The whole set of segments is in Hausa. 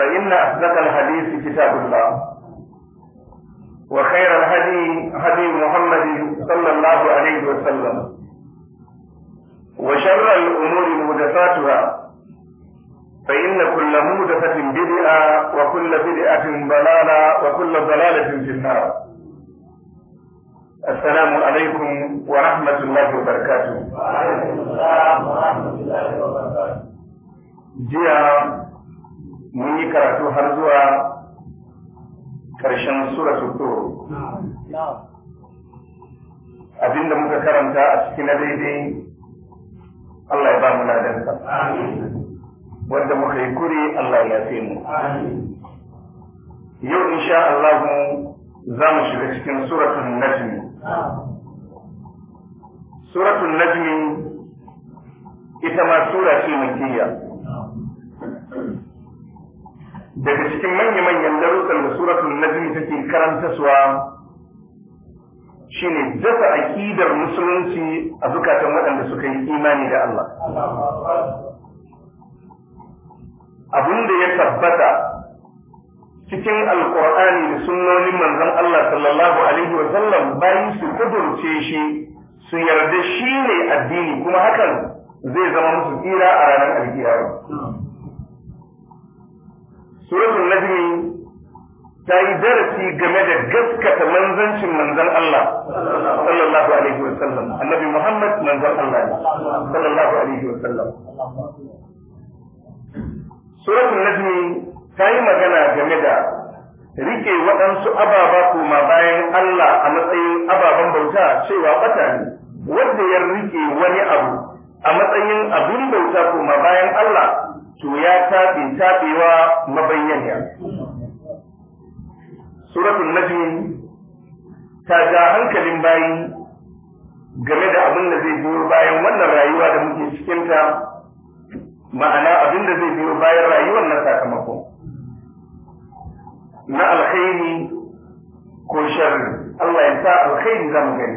فإن أصدق الحديث كتاب الله وخير الهدي هدي محمد صلى الله عليه وسلم وشر الأمور محدثاتها فإن كل محدثة بدعة وكل بدعة ضلالة وكل ضلالة في النار السلام عليكم ورحمة الله وبركاته وعليكم السلام ورحمة الله وبركاته جيا mun yi karatu har zuwa ƙarshen sura tur abinda muka karanta a cikin na daidai Allah ya ba mu ladansa wanda muka yi kuri Allah ya fi mu yau insha Allah za mu shiga cikin suratun najmi Suratun najmi ita ma sura ce makiyya daga cikin manya-manyan darussan da suratul najm take shi shine dafa akidar musulunci a zukatan waɗanda suka yi imani da Allah abin da ya tabbata cikin alkur'ani da sunnonin manzon Allah sallallahu alaihi wa sallam bayan su kudurce shi su yarda shi ne addini kuma hakan zai zama musu tsira a ranar alkiyama suratul najmi ta yi darasi game da gaskata manzancin manzan Allah sallallahu alaihi wa sallam annabi Muhammad manzan Allah sallallahu alaihi wa sallam suratul najmi ta yi magana game da rike waɗansu ababa kuma bayan Allah a matsayin ababen bauta cewa bata ne wanda ya rike wani abu a matsayin abin bauta kuma bayan Allah to ya tabi tabewa mabayyaniya suratul najm ta ja hankalin bayi game da abin da zai biyo bayan wannan rayuwa da muke cikinta ma'ana abin da zai biyo bayan rayuwar na sakamakon na alkhairi ko sharri Allah ya sa alkhairi zamu gani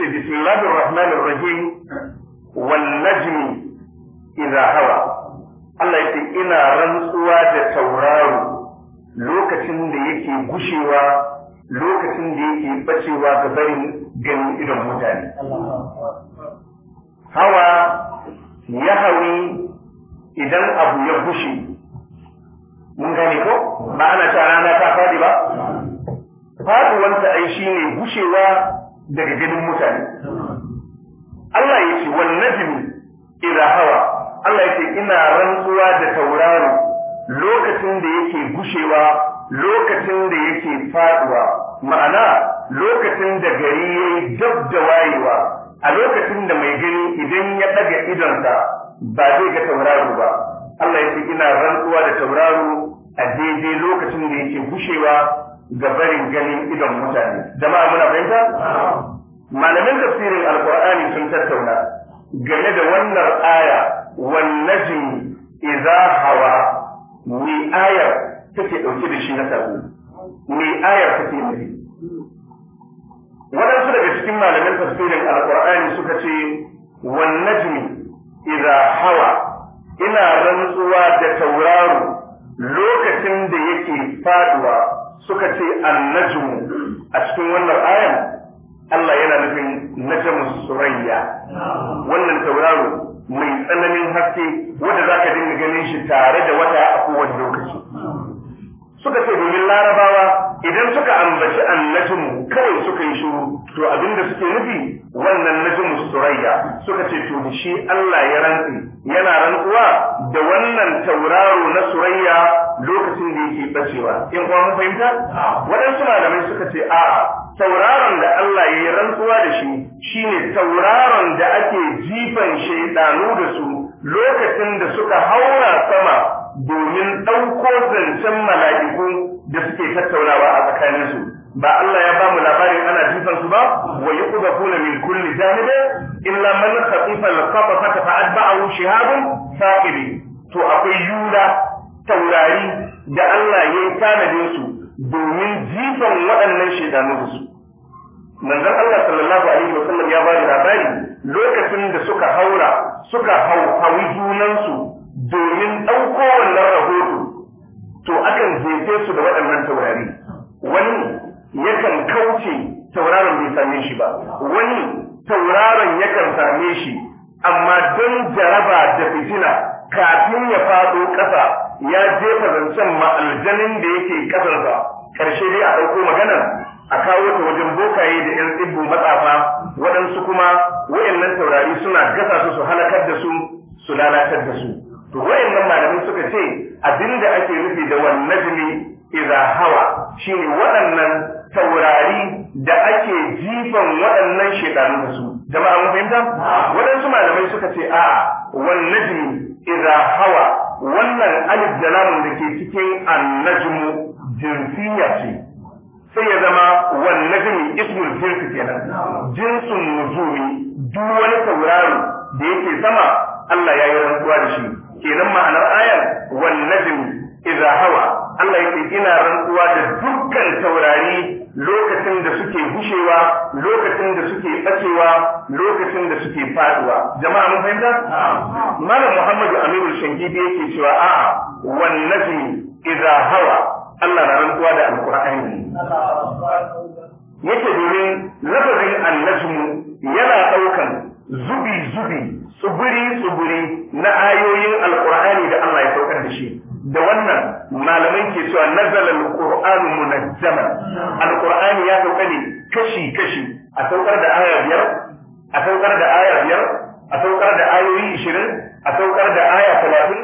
yace bismillahir rahmanir rahim wal najmi idha hawa Allah yace ina rantsuwa da tauraro lokacin da yake gushewa lokacin da yake bacewa ga barin ganin idon mutane hawa ya hawi idan abu ya gushe mun gane ko ba ana ta rana ta fadi ba faduwanta ai shine gushewa daga ganin mutane Allah ya ce wannan najm hawa Allah ya ce ina rantsuwa da tauraro lokacin da yake gushewa lokacin da yake faduwa ma'ana lokacin da gari yayi dab da wayewa a lokacin da mai gani idan ya daga idonsa ba zai ga tauraro ba Allah ya ce ina rantsuwa da tauraro a daidai lokacin da yake gushewa ga barin ganin idon mutane jama'a muna fahimta malamin tafsirin Alƙur'ani sun tattauna game da wannan aya wannan najm idza hawa ni ayar take dauke da shi na sabo ni ayar take nufi Wadansu daga cikin malamin tafsirin alqur'ani suka ce wan najm idza hawa ina rantsuwa da tauraro lokacin da yake faduwa suka ce annajmu a cikin wannan ayan Allah yana nufin najmu surayya wannan tauraro mai tsananin haske wanda zaka dinga ganin shi tare da wata a kowane lokaci suka ce domin larabawa idan suka ambaci annajmu kawai suka yi shiru to abinda suke nufi wannan nufin surayya suka ce to shi Allah ya rantsi yana rantsuwa da wannan tauraro na surayya lokacin da yake bacewa in kuma mun fahimta waɗansu malamai suka ce a tauraron da Allah ya yi rantsuwa da shi shine tauraron da ake jifan shaidanu da su lokacin da suka haura sama domin ɗauko zancen mala'iku da suke tattaunawa a tsakaninsu ba Allah ya bamu labarin ana jifan su ba wa yuqdafuna min kulli janib illa man khatifa al-qabata fa atba'ahu shihabun saqibi to akwai yura taurari da Allah ya tanade su domin jifan waɗannan shedanu su manzon Allah sallallahu alaihi wasallam ya bari labari lokacin da suka haura suka hau hawi junansu domin ɗauko wannan rahoto to akan jefe su da waɗannan taurari wani tauraron yakan same shi amma don jaraba da fitina kafin ya faɗo ƙasa ya jefa zancen ma da yake ƙasarsa ƙarshe dai a ɗauko maganar a kawo ta wajen bokaye da 'yan tsibbu matsafa waɗansu kuma wayannan taurari suna gasa su su halakar da su su lalatar da su to wayannan malamai suka ce abinda ake nufi da wannan najmi idza hawa shine waɗannan taurari da ake jifan waɗannan shekaru da su jama'a mun fahimta waɗansu malamai suka ce a'a wannan jini hawa wannan alif da lamun da ke cikin annajmu jinsiya ce sai ya zama wannan jini ismul jinsi kenan jinsin nuzuri duk wani taurari da yake sama Allah ya yi rantsuwa da shi kenan ma'anar ayar wannan jini idza hawa Allah yake ina rantsuwa da dukkan taurari lokacin da suke gushewa lokacin da suke bacewa lokacin da suke faduwa jama'a mun fahimta malam Muhammadu Aminu Shangidi yake cewa a'a wan najmi iza hawa Allah na rantsuwa da alqur'ani yake domin lafazin annajmu yana daukan zubi zubi tsubiri tsubiri na ayoyin alqur'ani da Allah ya saukar da shi da wannan malamai ke cewa nazal al-qur'anu munajjaman al-qur'ani ya dauka ne kashi kashi a saukar da aya biyar a saukar da aya biyar a saukar da ayoyi 20 a saukar da aya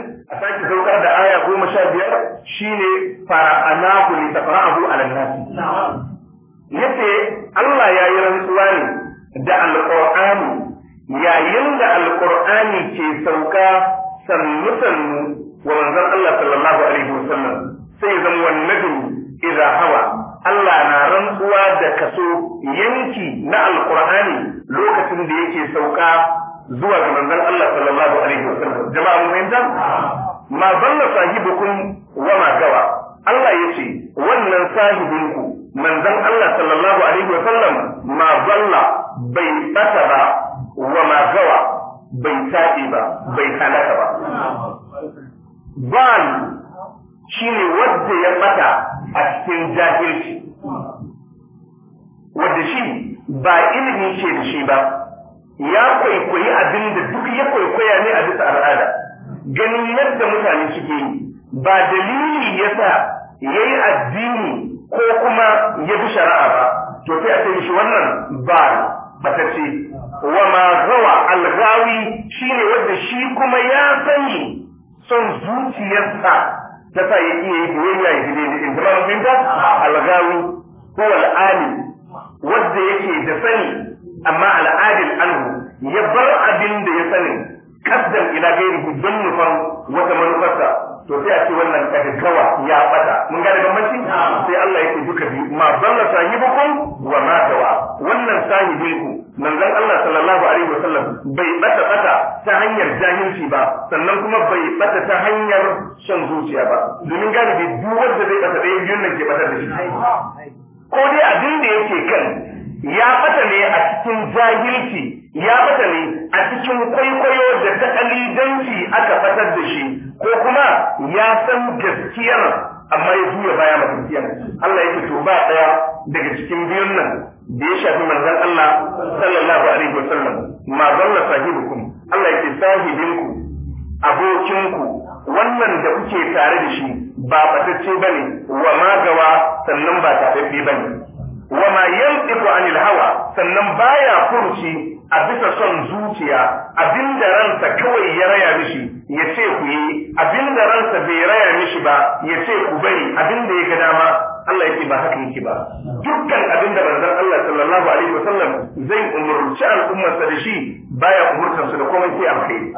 30 a sake saukar da aya 15 shine fara'anahu li taqra'ahu 'ala an jama'a mun fahimta ma zalla sahibukum wa ma gawa Allah yace ce wannan sahibinku manzon Allah sallallahu alaihi wa sallam ma zalla bai bata ba wa ma gawa bai taɓi ba bai halaka ba shi shine wanda ya bata a cikin jahilci wanda shi ba ilimi ce da shi ba ya kwaikwayi abin da duk ya kwaikwaya ne a bisa al'ada ganin yadda mutane suke yi ba dalili ya sa ya yi addini ko kuma ya bi shari'a ba to sai a sai shi wannan ba ce wa ma rawa algawi shine wanda shi kuma ya sani son zuciyarsa ta sa ya iya yi biyayya ya gide da intimamin da algawi ko al'ali wanda yake da sani amma al'adil anhu ya bar abin da ya sani kaddan ila gairihi don nufan wata manufarsa to sai a ce wannan kadagawa ya bata mun gane bambanci sai Allah yake duka bi ma dalla sahibukum wa ma dawa wannan sahibinku manzon Allah sallallahu alaihi wasallam bai bata bata ta hanyar jahilci ba sannan kuma bai bata ta hanyar shan zuciya ba domin galibi duk wanda zai bata da yin nan ke bata da shi ko dai abin da yake kan ya bata cikin jahilci ya bata a cikin kwaikwayo da takalidanci aka fatar da shi ko kuma ya san gaskiyar amma ya juya baya ma gaskiyar Allah ya fito ba daya daga cikin biyun nan da ya shafi manzon Allah sallallahu alaihi wasallam ma zalla sahibukum Allah ya ce sahibinku abokinku wannan da kuke tare da shi ba batacce bane wa magawa sannan ba tafaffe bane Wama ma yantiqu anil hawa sannan baya furci a bisa son zuciya abinda ransa kawai ya raya mishi ya ce ku yi abinda ransa bai raya mishi ba ya ce ku bari abinda ya ga dama Allah yake ba haka yake ba dukkan abinda manzon Allah sallallahu alaihi wasallam zai umurci al'ummarsa da shi baya umurtansu da komai sai alkhairi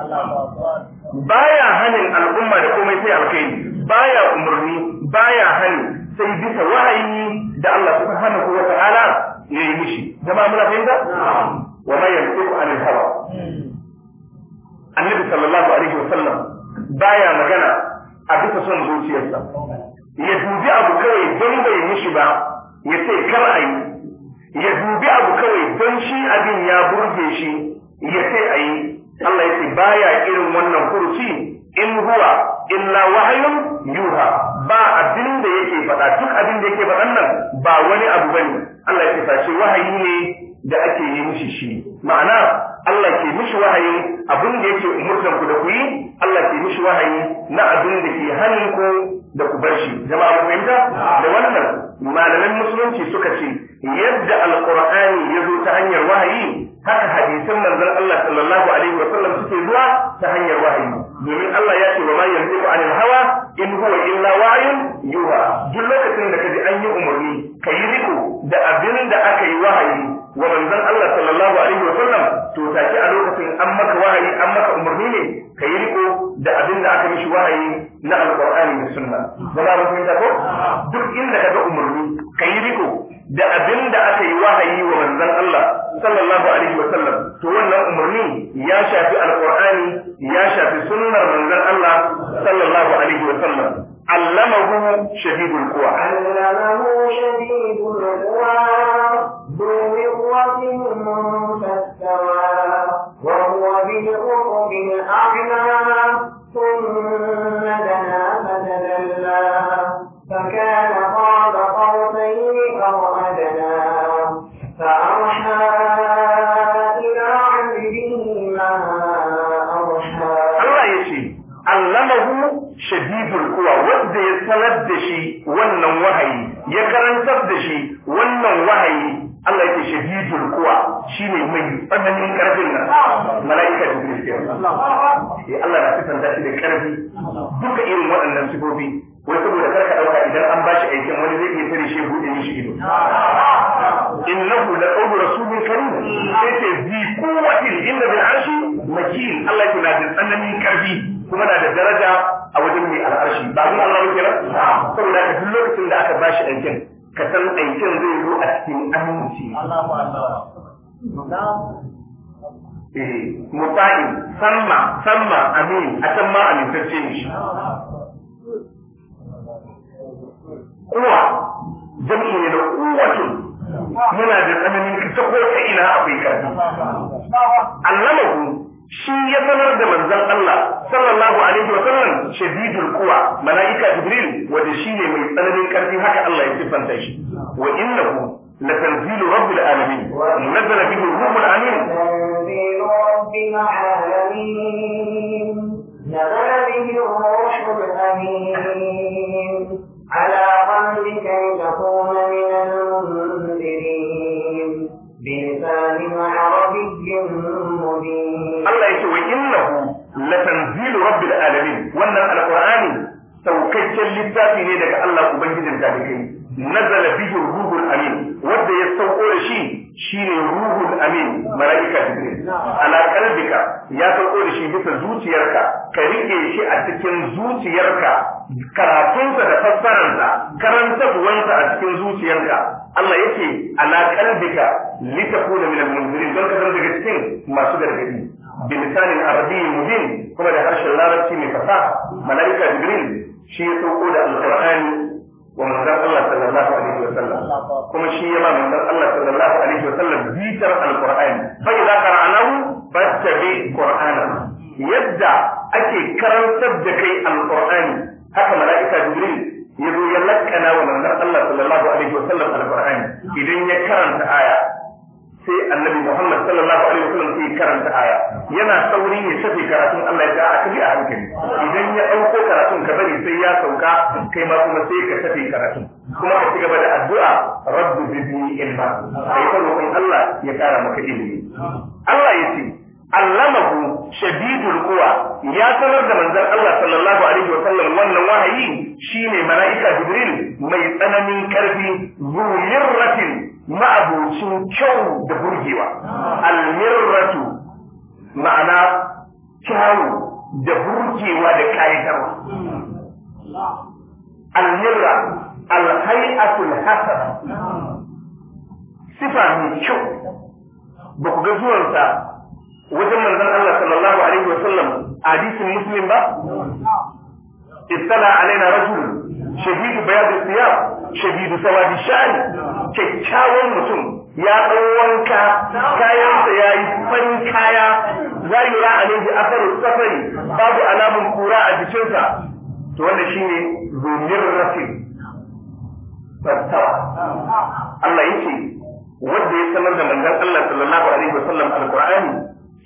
baya hanin al'umma da komai sai alkhairi baya umurni baya hani sai bisa wahayi da Allah subhanahu wa ta'ala ya yi mishi jama'a muna fahimta wa ma yantiqu anil hawa annabi sallallahu alaihi wa sallam baya magana a bisa son zuciyarsa ya dubi abu kawai don bai mishi ba ya ce kar a yi ya dubi abu kawai don shi abin ya burge shi ya ce a yi Allah ya ce baya irin wannan furuci in huwa illa wahayun yuha ba abin da yake faɗa duk abin da yake faɗan nan ba wani abu bane Allah ya shi wahayi ne da ake yi mishi shi ma'ana Allah ke mishi wahayi abin da yake umurtan ku da ku yi Allah ke mishi wahayi na abin da ke hannun ku da ku bar shi jama'a ku fahimta da wannan malaman musulunci suka ce yadda alqur'ani ya zo ta hanyar wahayi haka hadisin manzon Allah sallallahu alaihi wa sallam suke zuwa ta hanyar wahayi domin Allah ya ce wa ma yanzu anil hawa in huwa illa wa'yun yuha duk lokacin da kaji an yi umarni ka yi riko da abin da aka yi wahayi wa manzon Allah sallallahu alaihi wa sallam to take a lokacin an maka wahayi an maka umarni ne ka yi riko da abin da aka mishi wahayi na alqur'ani da sunna zama mun ko duk inda kaga umarni ka yi riko da abin da aka yi wahayi wa manzon Allah sallallahu alaihi wa sallam to wannan umarni ya shafi alqur'ani ya shafi sunnar manzon Allah sallallahu alaihi wa sallam علمه شديد القوى علمه شديد القوى ذو مرة فاستوى وهو بالأفق الأعلى ثم دنا فتدلى فكان قاب قوسين أو Allah ya ce, Allamahu shadidul kuwa wanda ya sanar da shi wannan wahayi, ya karantar da shi wannan wahayi Allah yake shahidul kuwa shine mai tsananin ƙarfin nan malaika da Allah ya Allah na da shi da karfi duka irin waɗannan sifofi wai saboda karka dauka idan an bashi aikin wani zai iya tare shi bude mishi ido innahu la qawlu rasulin karim sai ce bi quwwatin inna bil arshi makin Allah ya na da tsananin karfi kuma na da daraja a wajen mai al'arshi ba mun Allah yake nan saboda ka duk lokacin da aka bashi aikin ka san aikin zai zo a cikin aminci Allahu akbar eh mutai samma samma amin a can ma amintacce kuwa jami'i ne da kuwatu yana da tsananin ka ta ko ta ina akwai karfi allamahu shi ya sanar da manzon Allah sallallahu alaihi wa sallam shadidul quwa malaika jibril wanda shi ne mai tsananin karfi haka Allah ya sifanta shi wa innahu لتنزيل رب العالمين نزل به الروح الامين تنزيل رب العالمين نزل به الروح الامين على قلبك لتكون من المنذرين بلسان عربي مبين الله يسوي إنه لتنزيل رب العالمين وأن القرآن saukakken littafi ne daga Allah Ubangijin da nazala bihi ruhul amin wanda ya sauƙo da shi shine ne ruhul amin mala'ika jibril ala qalbika ya sauko da shi bisa zuciyarka ka rike shi a cikin zuciyarka karatunsa da fassararsa karantarwansa a cikin zuciyarka Allah yake ala qalbika litakuna min al-munzirin don ka zama daga cikin masu gargadi bilisanin arabiyyin muhim kuma da harshen larabci mai fasaha mala'ika jibril shi ya sauko da alqur'ani wa manzon Allah sallallahu alaihi wa sallam kuma shi ya ba manzon Allah sallallahu alaihi wa sallam bitar alqur'ani fa idza qara'nahu fattabi qur'ana yadda ake karantar da kai alqur'ani haka mala'ika jibril ya zo ya lakkana wa manzon Allah sallallahu alaihi wa sallam idan ya karanta aya sai annabi Muhammad sallallahu alaihi wasallam sai karanta aya yana sauri ya shafe karatun Allah ya a kabi a hankali idan ya dauko karatun ka bari sai ya sauka kai ma kuma sai ka shafe karatun kuma ka ci gaba da addu'a rabbi zidni ilma kai ta roƙon Allah ya kara maka ilimi Allah ya ce allamahu shadidul quwa ya sanar da manzon Allah sallallahu alaihi wasallam wannan wahayi shine mala'ika jibril mai tsananin karfi zuwirratin ma'abocin kyau da burgewa almirratu ma'ana kyau da burgewa da kayatarwa almirra alhai'atul hasana sifa mai kyau ba ku ga zuwansa wajen manzon Allah sallallahu alaihi wasallam a hadisin muslim ba istala alaina rajul shahidu bayad siyab shahidu sawadi shani kyakkyawan mutum ya ɗau wanka kayansa ya yi farin kaya za yi ra asarin safari babu alamun kura a jikinsa to wanda shi ne zumin rafi Allah ya ce wanda ya sanar da manzon Allah sallallahu alaihi wasallam alqur'ani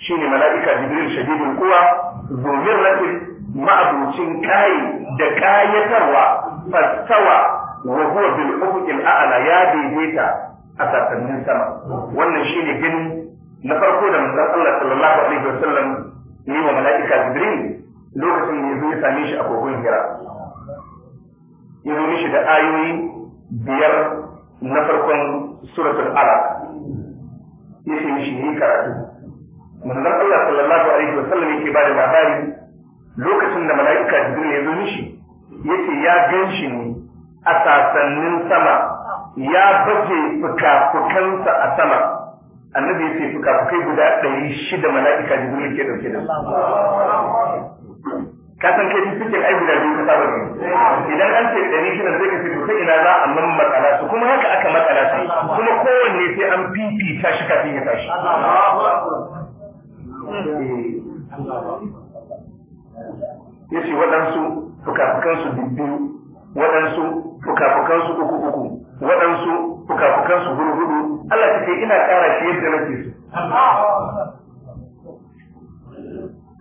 shine mala'ika jibril shadidul kuwa zumin rafi ma'abucin kai da kayatarwa fattawa wa huwa bil ufuqil a'la ya daidaita a sakannin sama wannan shine gani na farko da manzon Allah sallallahu alaihi wasallam yi wa mala'ika Jibril lokacin da yazo ya same shi a kogon Hira ya zo mishi da ayoyi biyar na farkon suratul alaq ya ce mishi yi karatu manzon Allah sallallahu alaihi wasallam yake ba da labari lokacin da mala'ika Jibril ya zo mishi yace ya gan shi ne a sasannin sama ya baje fukafukansa a sama annabi ya ce fukafukai guda ɗari shida mala'ika jibril ke ɗauke da ka san kai cikin ai guda biyu ka saba idan an ce ɗari shida zai ka fito ta ina za a matsala su kuma haka aka matsala su kuma kowanne sai an fifita shi kafin ya tashi eh. ya ce waɗansu fukafukansu fukansu waɗansu fukafukansu uku uku waɗansu fukafukansu hudu hudu Allah ta ce ina ƙara shi yadda nake so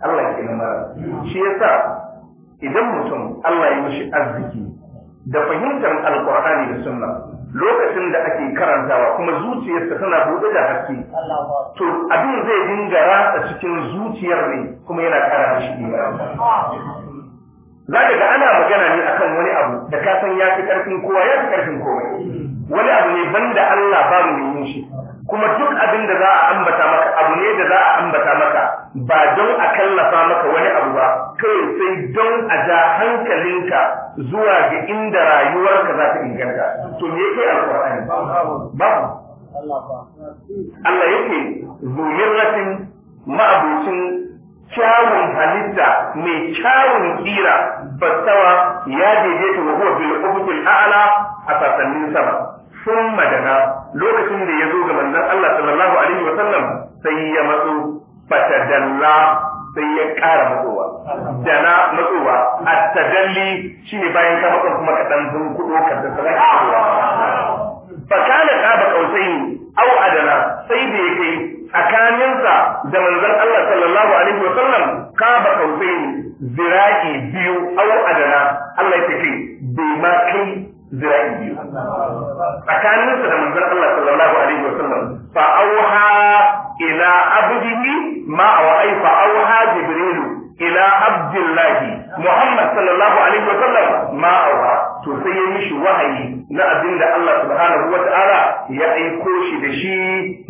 Allah ke nan mara shi yasa idan mutum Allah ya yi mishi arziki da fahimtar alkur'ani da sunna lokacin da ake karantawa kuma zuciyarsa tana buɗe da haske to abin zai dinga ratsa cikin zuciyar ne kuma yana ƙara shi ne za ka ga ana magana ne akan wani abu da ka san ya fi karfin kowa ya fi karfin komai wani abu ne banda Allah ba mu yin shi kuma duk abin da za a ambata maka abu ne da za a ambata maka ba don a kallafa maka wani abu ba kai sai don a ja hankalinka zuwa ga inda rayuwarka za ta inganta to me yake alqur'ani babu Allah yake zumiratin ma'abucin kyawun halitta mai kyawun kira fassawa ya daidaita wa huwa bil ufuqil a'la a sasannin sama sun madana lokacin da ya zo ga manzon Allah sallallahu alaihi wa sallam sai ya matso fatadalla sai ya ƙara matsowa dana matsowa at-tadalli shine bayan ka matsa kuma ka dan zun kudo ka da sai fa kana ka ba kausai au adana sai da ya kai tsakaninsa da manzon Allah sallallahu alaihi wasallam ka ba kausai zira'i biyu au adana Allah ya ce bai ma kai zira'i biyu tsakaninsa da manzon Allah sallallahu alaihi wasallam fa auha ila abdihi ma wa ai fa auha jibrilu ila abdillahi Muhammad sallallahu alaihi wa sallam ma auha to sai ya mishi wahayi na abin da Allah subhanahu wa ta'ala ya aiko shi da shi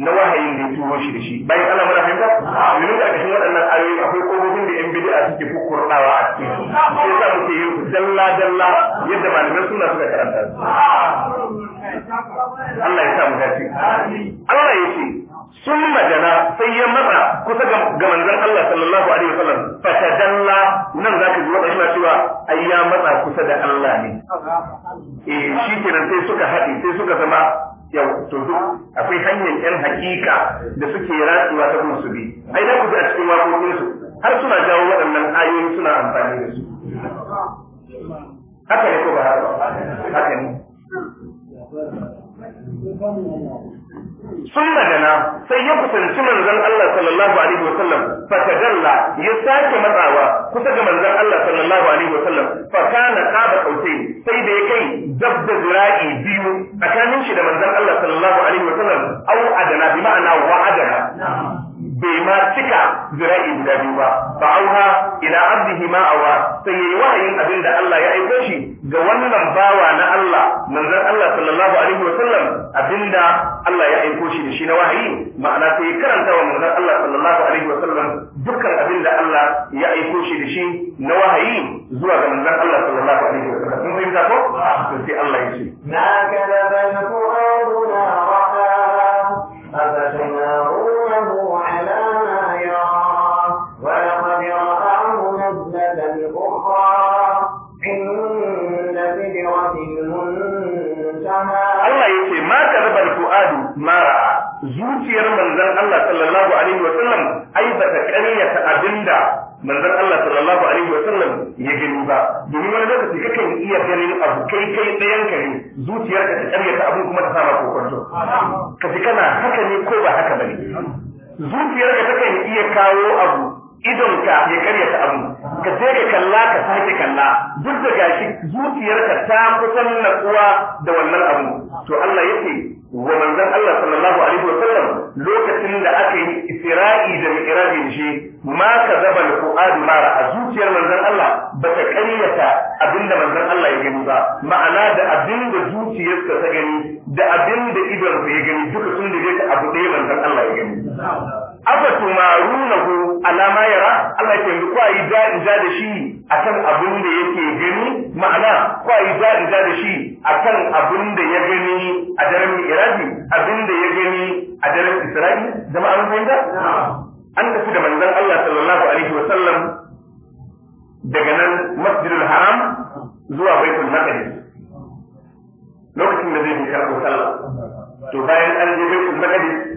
na wahayin da ya turo shi da shi bayan Allah mana fahimta yanzu da cikin waɗannan ayoyi akwai kofofin da yan bid'a suke kukkurdawa a cikin sai za mu ke yin dalla dalla yadda malaman suna suka karanta Allah ya sa mu dace Allah ya ce sun majana sai ya matsa kusa ga manzon Allah sallallahu alaihi wasallam fatadalla nan ka ji wannan shi cewa ai ya matsa kusa da Allah ne E, shi kenan sai suka haɗe sai suka zama yau to akwai hanyar yan hakika da suke ratsuwa ta musu bi ai da kuka a cikin waƙoƙin har suna jawo waɗannan ayoyi suna amfani da su haka ne ko ba haka haka ne sun madana sai ya kusanci manzon Allah sallallahu alaihi wasallam fatadalla ya sake matsawa kusa ga manzon Allah sallallahu alaihi wasallam fa kana qaba sai da ya kai dabba zira'i biyu tsakanin shi da manzon Allah sallallahu alaihi wasallam au adana bi ma'ana wa adana bai ma cika zira'i guda biyu ba fa auha ila abdihi ma awa sai yayi wahayin abin da Allah ya aiko shi ga wannan bawa na Allah manzon Allah sallallahu alaihi wa sallam abinda Allah ya aiko shi da shi na wahayi ma'ana sai ya karanta wa manzon Allah sallallahu alaihi wa sallam dukkan abinda Allah ya aiko shi da shi na wahayi zuwa ga manzon Allah sallallahu alaihi wa sallam kun fahimta ko sai Allah ya ce na kana bainakum zuciyar manzon Allah sallallahu alaihi wa sallam ai ba ta ƙaryata abinda manzon Allah sallallahu alaihi wa sallam ya gani ba domin wani lokaci kan iya ganin abu kai kai ɗayan ka ne zuciyar ka ta ƙaryata abin kuma ta sama kwanto ka ji kana haka ne ko ba haka bane zuciyar ka takan iya kawo abu ka ya karyata abu ka je ka kalla ka sake kalla duk da gashi ka ta kusan natsuwa da wannan abu to Allah yake wa manzan Allah sallallahu alaihi lokacin da aka yi isra'i da mi'rajin shi ma ka zaba al-fu'ad mara a zuciyar manzan Allah ba ta ƙaryata abinda manzon Allah ya gani ba ma'ana da abinda zuciyarsa ta gani da abinda idonsa ya gani duka sun da ta abu ɗaya manzon Allah ya gani aka ku alama yara Allah ke yanzu kwa yi ja da shi akan abin da yake gani ma'ana kwayi da ja da shi akan abin da ya gani a daren Iraki abin da ya gani a daren Isra'i jama'a yi da? an tafi da manzon Allah sallallahu alaihi wa sallam daga nan Masjidul Haram zuwa Baitul Maqdis lokacin da zai fi karatu sallah to bayan an je Baitul Maqdis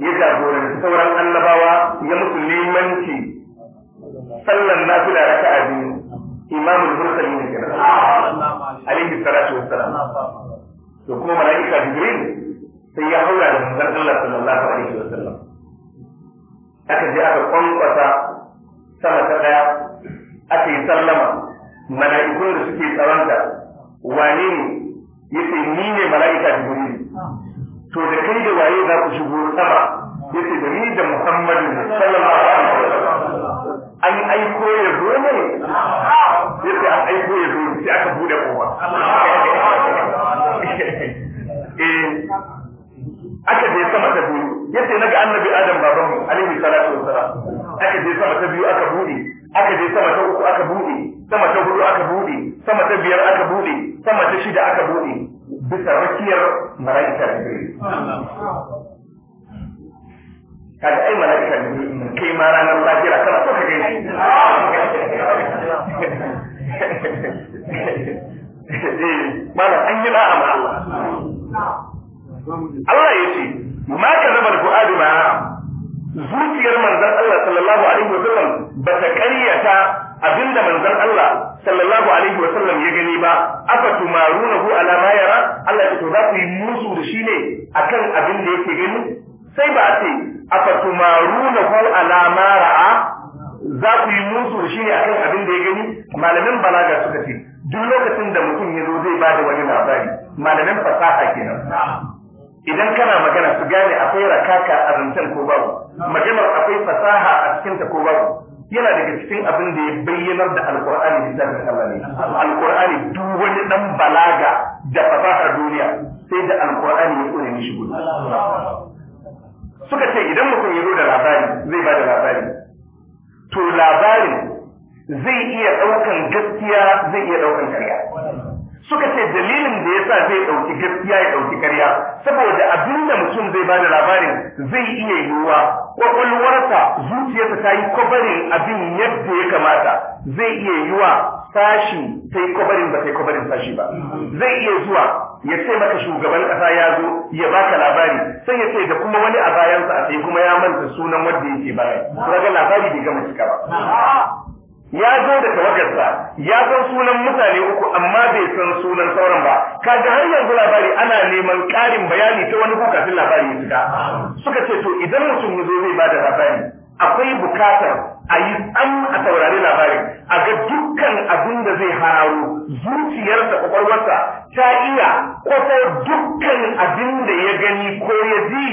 ya jagoranci sauran annabawa ya musu limanci sallan nafila a biyu imamul mursalin kenan alaihi salatu wassalam to kuma malaika jibril sai ya haura da manzon Allah sallallahu alaihi Sallam. aka je aka kwankwasa sama ta daya aka yi sallama mala'ikun da suke tsaranta wane ne yace ni ne mala'ika jibril to da kai da waye za ku shigo sama yace da ni da Muhammadu sallallahu alaihi wasallam an aiko ya zo ne yace an aiko ya zo sai aka bude kofa eh aka je sama ta biyu yace naga annabi Adam baban mu alaihi salatu wassalam aka je sama ta biyu aka bude aka je sama ta uku aka bude sama ta hudu aka bude sama ta biyar aka bude sama ta shida aka bude bisa rakiyar mala'ika jibril kaga ai eh, mala'ika jibril kai ma ranar lahira kana eh, so ka gani malam an yi la'a ma Allah Allah ya ce ma ka zaba da fu'adu ma zuciyar manzon Allah sallallahu alaihi wa sallam ba ta karyata abinda manzon Allah sallallahu alaihi wa sallam ya gani ba aka tumarunahu ala ma yara Allah ya to za ku yi musu da shi ne akan abin da yake gani sai ba a ce aka tumarunahu ala ma ra'a za ku yi musu da shi ne akan abin da ya gani malamin balaga suka ce duk lokacin da mutum ya zo zai bada da wani labari malamin fasaha kenan idan kana magana su gane akwai rakaka a rancen ko babu maganar akwai fasaha a cikinta ko babu yana daga cikin abin da ya bayyanar da alkur'ani littafin Allah ne alkur'ani duk wani dan balaga da fasahar duniya sai da alkur'ani ya tsore mishi gudu suka ce idan mutum ya zo da labari zai ba da labari to labarin zai iya daukan gaskiya zai iya daukan karya suka ce dalilin da ya sa zai ɗauki gaskiya ya ɗauki karya saboda abinda mutum zai bada labarin zai iya yiwuwa kwakwalwarsa zuciyarsa ta yi kwabarin abin yadda ya kamata zai iya yiwuwa sashi ta yi kwabarin ba ta yi kwabarin sashi ba zai iya zuwa ya ce maka shugaban ƙasa ya zo ya baka labari sai ya ce da kuma wani a bayansa a sai kuma ya manta sunan wanda yake baya. Raga labari bai gama cika ba. ya zo da tawagarsa ya san sunan mutane uku amma bai san sunan sauran ba kaga har yanzu labari ana neman ƙarin bayani ta wani kafin labari ya fita suka ce to idan mutum ya zo zai bada labari akwai bukatar a yi tsan a saurari labarin a ga dukkan abin da zai hararo zuciyarsa kwakwalwarsa ta iya kwafar dukkan abin da ya gani ko ya ji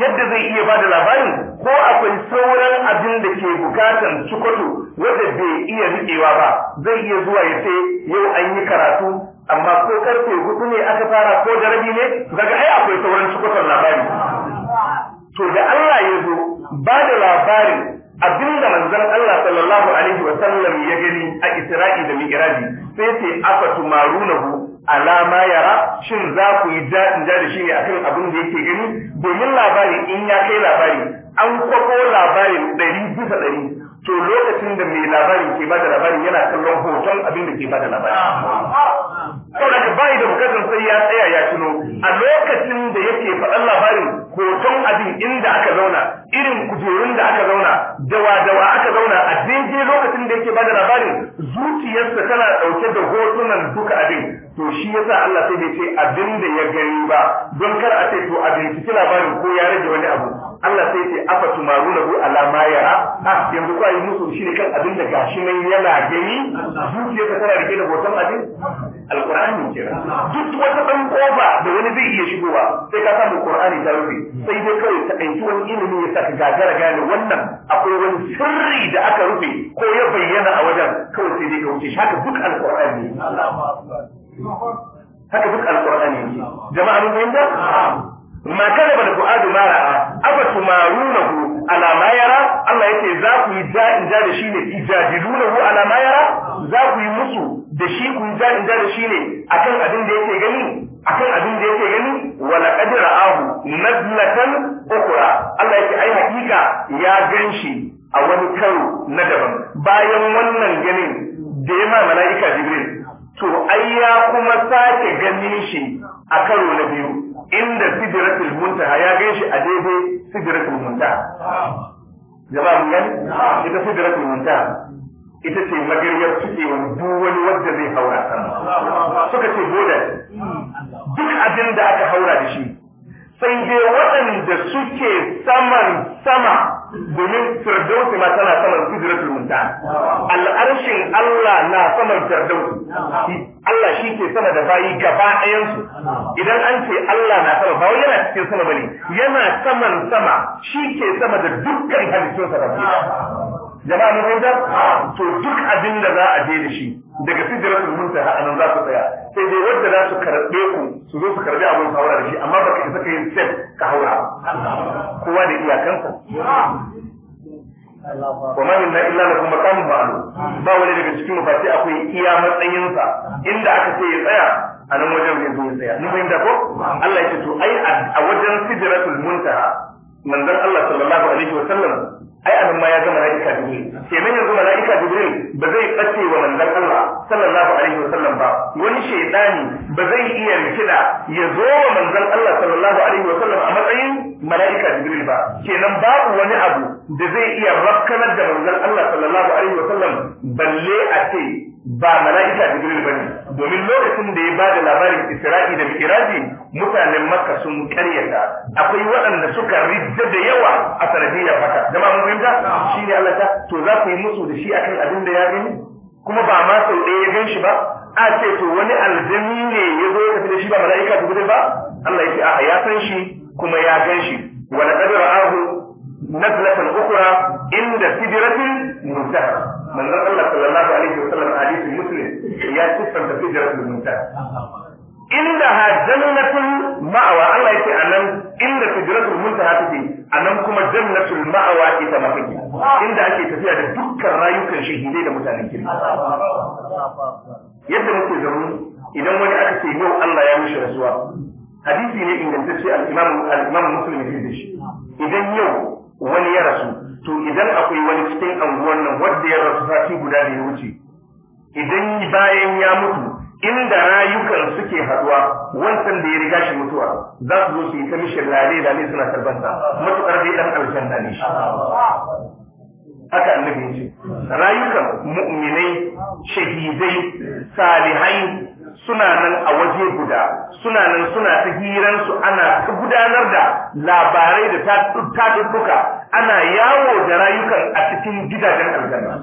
yadda zai iya ba da labarin ko akwai sauran abin da ke bukatan cikoto wanda bai iya riƙewa ba zai iya zuwa ya ce yau an yi karatu amma ko karfe hudu ne aka fara ko da rabi ne daga ai akwai sauran cikoton labari to da Allah ya zo ba da labarin abinda manzon Allah sallallahu alaihi wa sallam ya gani a Isra'i da Mi'raji sai ce afa tumarunahu ala ma yara shin za ku yi da da shi ne akan abin da yake gani domin labarin in ya kai labari an kwako labarin ɗari bisa ɗari to lokacin da mai labarin ke bada labarin yana kallon hoton abin da ke bada labarin Kuma ka bai da bukatar sai ya tsaya ya tuno a lokacin da yake faɗan labarin hoton abin inda aka zauna irin kujerun da aka zauna dawa dawa aka zauna a daidai lokacin da yake bada labarin zuciyarsa tana ɗauke da hotunan duka abin to shi yasa Allah sai bai ce abin da ya gani ba don kar a ce to a binciki labarin ko ya rage wani abu Allah sai ce afa tumaruna ko ala ma yara ha ah, yanzu ko ayi musu ne kan abin da gashi mai yana gani zuciya ta tana rike da hoton abin alqur'ani kira duk wata ban kofa da wani zai iya shigowa sai ka samu qur'ani ta rufe sai dai kawai ta ɗauki wani ilimi ya saka gagara gane wannan akwai wani sirri da aka rufe ko ya bayyana a wajen kawai sai dai ka wuce haka duk alqur'ani haka duk alqur'ani jama'a mun fahimta ma kada ba da fu'adu ma ra'a aba tumarunahu ala ma yara Allah yake za ku yi ja'in da shi ne ijadilunahu ala ma yara za ku yi musu da shi ku yi ja'in da shi ne akan abin da yake gani akan abin da yake gani wa laqad ra'ahu nazlatan ukhra Allah yake ai hakika ya ganshi a wani karo na daban bayan wannan ganin da ya ma mala'ika jibril to ai ya kuma sake ganin shi a karo na biyu inda sidratul muntaha ya gaishe a daidai sidratul muntaha jama'a mun gani ita sidratul muntaha ita ce magariyar cikewa duk wani wanda zai haura sama suka ce boda duk abin da aka haura da shi sai dai waɗanda suke saman sama domin firdausi ma tana saman sidratul munta al'arshin Allah na saman firdausi Allah shi ke sama da bayi gaba ɗayansu idan an ce Allah na sama Bawai yana cikin sama bane yana saman sama shi ke sama da dukkan halittun sa jama'a mun fahimta to duk abin da za a je da shi daga sidratul muntaha anan za su tsaya sai dai wanda za su karbe ku su zo su karbe abin haura da shi amma baka isa kai step ka haura kowa da iyakansa wa ma minna illa lakum maqamun ma'lum ba wani daga cikin mu akwai iya matsayinsa inda aka ce ya tsaya a nan wajen zai zo ya tsaya mun fahimta ko Allah ya ce to ai a wajen sidratul muntaha manzon Allah sallallahu alaihi wa sallam ai anan ma ya ga malaika jibril kenan yanzu malaika jibril ba zai bace wa manzon Allah sallallahu alaihi wasallam ba wani shaytani ba zai iya rikida ya zo wa manzon Allah sallallahu alaihi wasallam a matsayin malaika jibril ba kenan babu wani abu da zai iya rakkanar da manzon Allah sallallahu alaihi wasallam balle a ce ba malaika jibril bane domin lokacin da ya ba da labarin isra'i da mikiraji mutanen makka sun karyata akwai waɗanda suka ridda da yawa a sanadiyar haka zama mun fahimta shine Allah ta to za ku yi musu da shi akan abin da ya gani kuma ba ma sau ɗaya ya gan shi ba a ce to wani aljami ne ya zo ya tafi da shi ba mala'ika ta gudu ba Allah ya ce a'a ya san shi kuma ya gan shi wa laqad ra'ahu nazlatan ukhra inda sidratil muntaha manzon Allah sallallahu alaihi ya siffanta hijratul muntaha inda ha jannatul ma'awa Allah yake anan inda hijratul muntaha take anan kuma jannatul ma'awa ita ma take inda ake tafiya da dukkan rayukan shahidai da mutanen kirki yadda muke zaune idan wani aka ce yau Allah ya mishi rasuwa hadisi ne ingantacce al-Imam al-Imam Muslim ne da shi idan yau wani ya rasu to idan akwai wani cikin anguwan nan wanda ya rasu sati guda da ya wuce idan bayan ya mutu inda rayukan suke haduwa wancan da ya riga shi mutuwa za su zo su yi ta mishin lare da ne suna karbanta matuƙar dai ɗan ƙarshen da ne shi haka annabi ya ce rayukan mu'minai shahidai salihai suna nan a waje guda suna nan suna ta hiransu ana ta gudanar da labarai da tatuttuka ana yawo da rayukan a cikin gidajen aljanna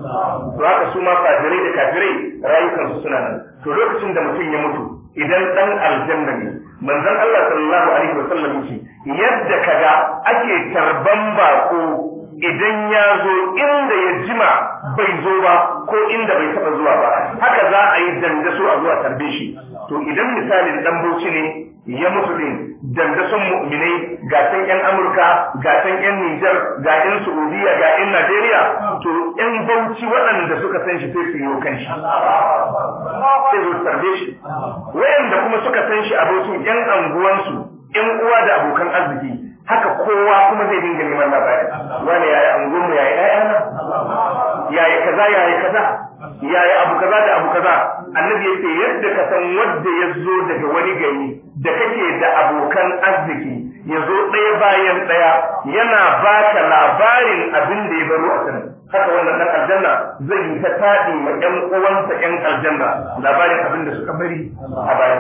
to haka su ma fajirai da kafirai rayukansu suna nan to lokacin da mutum ya mutu idan dan aljanna ne manzon Allah sallallahu alaihi wasallam yake yadda kaga ake tarban bako idan ya zo inda ya jima bai zo ba ko inda bai taɓa zuwa ba haka za a yi dandaso a zuwa tarbe shi to idan misalin dan bauchi ne ya mutu din dandason mu'minai ga can yan amurka ga can yan nijar ga yan saudiya ga yan najeriya to yan bauchi waɗanda suka san shi sai su yi kan shi sai su tarbe shi waɗanda kuma suka san shi bautin yan anguwansu yan uwa da abokan arziki haka kowa kuma zai dinga neman labari wani yi ɗaya na? Ya yi kaza ya yi kaza Ya yi abu kaza da abu kaza annabi ya ce yadda ka san wanda ya zo daga wani gari da kake da abokan arziki ya zo ɗaya bayan ɗaya yana baka labarin abin da ya baro a sanin haka wannan ɗan aljanna zai yi ta taɗi ma ƴan uwansa ƴan aljanna labarin abin da suka bari a bayan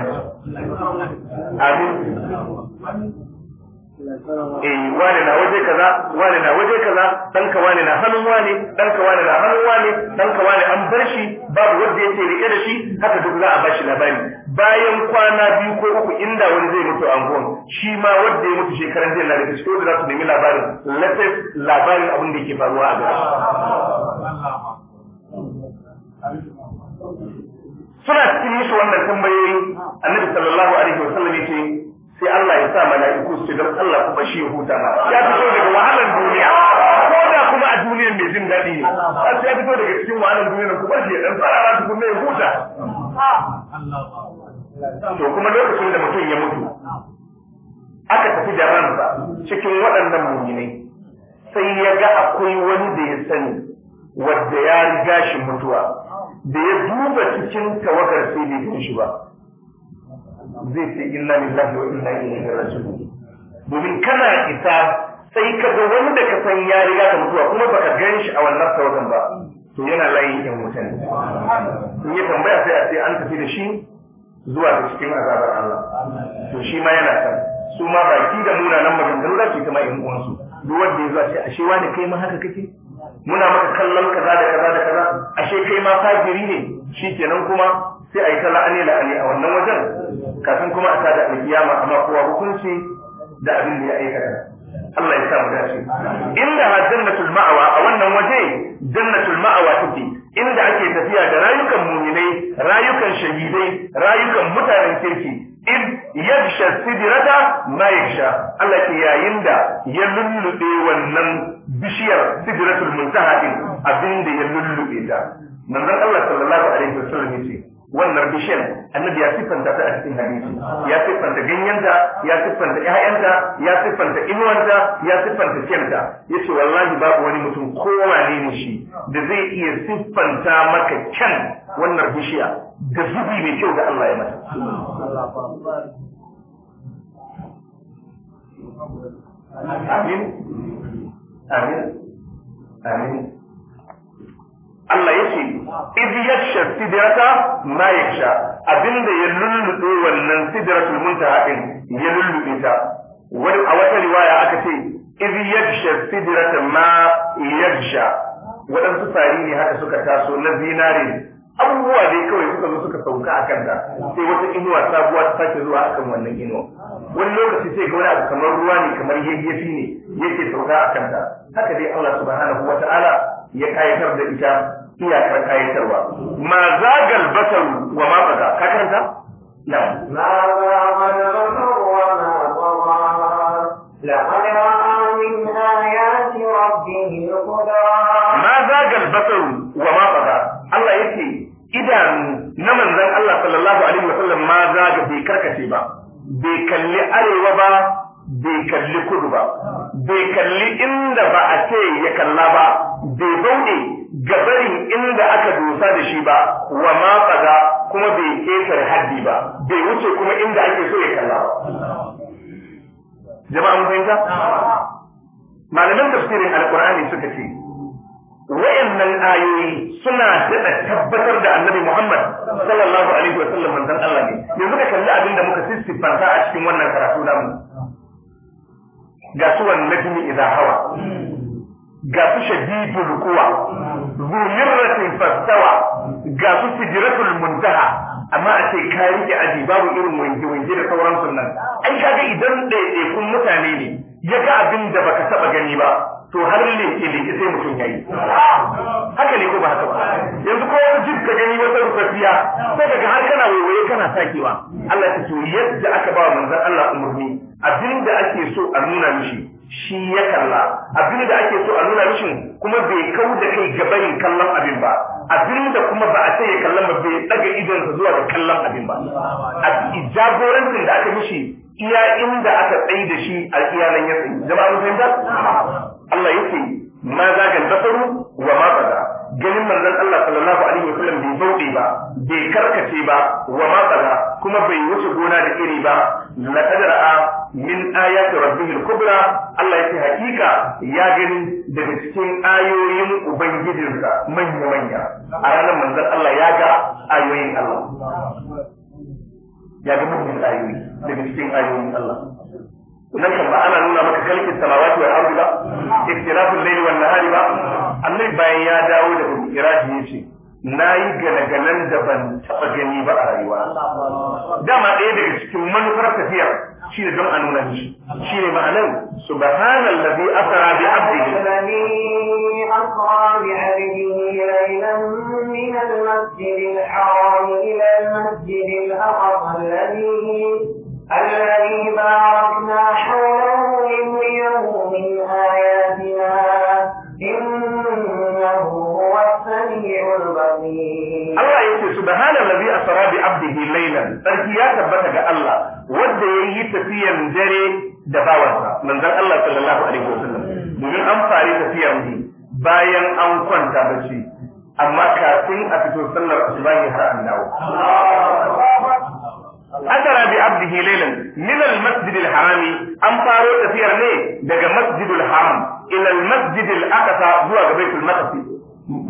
amin eh wani na waje kaza wane na waje kaza dan ka wane na hannun wane, dan ka wane na hannun wane, dan ka wane an bar shi babu wanda yake rike da shi haka duk za a bashi labari bayan kwana biyu ko uku inda wani zai mutu a angon shi ma wanda ya mutu shekaran jiya na da shi da za su nemi labarin latest labarin abin da yake faruwa a gaba suna cikin mishi wannan tambayoyi annabi sallallahu alaihi wasallam yake sai Allah ya sa mala'iku su dan Allah kuma shi huta ya fito daga wahalar duniya ko da kuma a duniyar mai jin daɗi ne sai ya fito daga cikin wahalar duniyar kuma shi ya dan farara kuma ya huta to kuma lokacin da mutum ya mutu aka tafi da ransa cikin waɗannan muminai sai ya ga akwai wani da ya sani wadda ya riga shi mutuwa da ya duba cikin tawagar sai bai gan shi ba zai ce inna lillahi wa inna ilaihi raji'un domin kana isa sai ka ga wani da ka san ya riga ka mutuwa kuma baka gan shi a wannan sauran ba to yana layin yan wutan in yi tambaya sai a ce an tafi da shi zuwa ga cikin azabar Allah to shi ma yana san su ma baki da munanan maganganu za su kama yan uwansu duk wanda ya zuwa ce ashe wani kai ma haka kake muna maka kallon kaza da kaza da kaza ashe kai ma fajiri ne Shi kenan kuma sai a yi ta la'ani la'ani a wannan wajen kafin kuma a ta da alkiyama amma kowa hukunci da abin da ya aikata Allah ya sa mu dace inda ha jannatul ma'awa a wannan waje jannatul ma'awa take inda ake tafiya da rayukan mu'minai rayukan shahidai rayukan mutanen kirki in yaksha sidrata ma yaksha Allah ke yayin da ya lullube wannan bishiyar sidratul muntaha din abin da ya lullube ta manzon Allah sallallahu alaihi wasallam yace wannan bishiyar annabi ya siffanta ta a cikin hadisi ya siffanta ganyenta ya siffanta ƴaƴanta ya siffanta inuwanta ya siffanta kyanta yace wallahi babu wani mutum ko wane ne shi da zai iya siffanta maka kyan wannan bishiya da zubi mai kyau da Allah ya mata amin amin amin Allah yake iz yakhsha sidrata ma yakhsha abinda ya lulluɗe wannan sidratul muntaha haɗin, ya lullube ta a wata riwaya aka ce iz yakhsha sidrata ma yakhsha waɗansu fari ne haka suka taso na zinare abubuwa dai kawai suka zo suka sauka a kanta sai wata inuwa sabuwa ta sake zuwa akan wannan inuwa wani lokaci sai ga wani abu kamar ruwa ne kamar yayyafi ne yake sauka a kanta haka dai Allah subhanahu wataala ya kayatar da ita iyakar kayatarwa ma zagal basar wa ma baza ka karanta na ma zagal basar wa ma لقد رأى من آيات ربه القدرى ما زاغ البصر وما طغى idanu na manzan Allah sallallahu alaihi wa sallam ma zaga bai karkace ba bai kalli arewa ba bai kalli kudu ba bai kalli inda ba a ce ya kalla ba bai ga barin inda aka dosa da shi ba wa ma faga kuma bai kesar haddi ba bai wuce kuma inda ake so ya kalla ba jama'a mun fahimta malaman tafsirin alqur'ani suka ce wa'annan ayoyi suna daɗa tabbatar da annabi Muhammad sallallahu alaihi wa sallam manzon Allah ne yanzu ka kalli abin da muka siffanta a cikin wannan karatu namu ga suwan najmi idza hawa ga su shadidul quwa zumiratin fastawa ga su sidratul muntaha amma a ce ka rike aji babu irin wange wange da sauran sunan ai kaga idan kun mutane ne ya ga abin da baka taba gani ba to har leke ke sai mutum yayi haka ne ko ba haka ba yanzu ko wani jin ka gani wata rufafiya sai kaga har kana waiwaye kana sakewa Allah ta ce yadda aka ba manzon Allah umurni abin da ake so a nuna mishi shi ya kalla abin da ake so a nuna mishi kuma bai kau da kai gabarin kallon abin ba abin da kuma ba a sai ya kallon ba bai daga sa zuwa ga kallon abin ba a jagorancin da aka mishi iya inda aka tsayi da shi a iyalan ya tsayi jama'a mun fahimta Allah yake ma zagal dafaru wa ma bada ganin manzon Allah sallallahu alaihi wa sallam bai bauɗe ba bai karkace ba wa matsala kuma bai wuce gona da iri ba la kadara min ayati rabbihi al-kubra Allah yake hakika ya gani daga cikin ayoyin ubangijinsa manya manya a ranar manzon Allah ya ga ayoyin Allah ya ga muhimmin ayoyi daga cikin ayoyin Allah nan kan ba ana nuna maka kalkin samawati wal ardi ba ikhtilafun layli wan nahari ba annabi bayan ya dawo daga miraji ya ce na yi galagalan da ban taɓa gani ba a rayuwa dama ɗaya daga cikin manufar tafiya shi ne don a nuna shi shi ne ma'anar subhanallazi asra bi abdihi من المسجد الحرام إلى المسجد الأقصى الذي الذي باركنا حوله لنريه من آياته Allah ya ce subhana allazi asra bi abdihi laylan sarki ya tabbata ga Allah wanda ya yi tafiyan dare da bawansa manzon Allah sallallahu alaihi wasallam domin an fari tafiyan ne bayan an kwanta shi, amma kafin a fito sallar asubahi har an dawo asara bi abdihi laylan min al masjid harami an faro tafiyar ne daga masjid al haram ila al masjid al aqsa zuwa ga baitul maqdis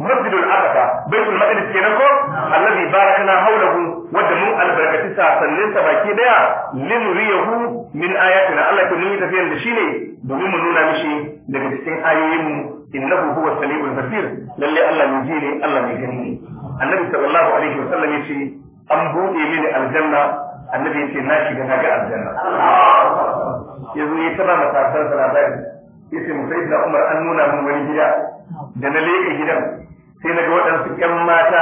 masjid al aqsa baitul maqdis kenan ko allazi barakna hawlahu wadda mun albarkati sasannin sa baki daya linuriyahu min ayatina Allah ke mun tafiyar da shi ne domin mu nuna mishi daga cikin ayoyin mu innahu huwa samiul basir Lallai Allah ne annabi sallallahu an buɗe mini aljanna annabi yace na shiga na ga aljanna yanzu ya taba matasan sa labari yace mu sai da Umar an nuna mun wani gida da na leke gidan sai na ga waɗansu ƴan mata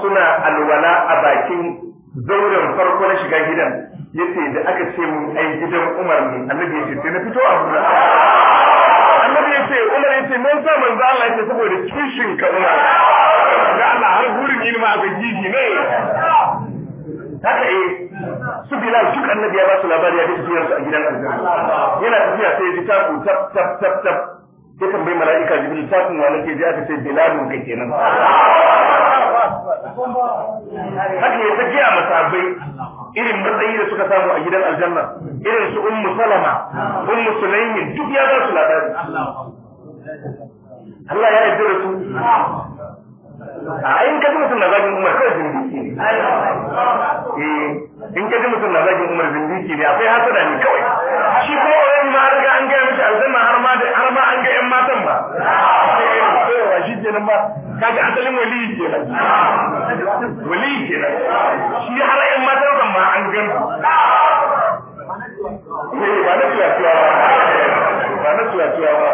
suna alwala a bakin zauren farko na shiga gidan yace da aka ce mun ai gidan Umar ne annabi yace sai na fito a gura annabi yace Umar yace mun sa manzo Allah yace saboda kishin ka Umar da Allah har hurin ma ga gidi ne haka eh su bilal duk annabi ya ba su labari ya tafiyar su a gidan aljanna yana tafiya sai ji ta ku tap tap tap tap sai kan bai mala'ika jibril ta kun wani ke ji aka ce bilalun kai kenan haka ya ta giya masabai irin matsayi da suka samu a gidan aljanna irin su ummu salama ummu sulaimin duk ya ba su labari Allah ya yarda da su a in ka ji mutum na zagin umar kawai zindiki ne eh, in ka ji mutum na zagin umar zindiki ne akwai hasada ne kawai shi kuma wani ma har ga an gaya mishi aljanna har ma har ma an ga yan matan ba sai shi kenan ba kaga asalin wali kenan wali kenan shi har yan matan ma an gan eh, ba na tuwa ba ba na tuwa ba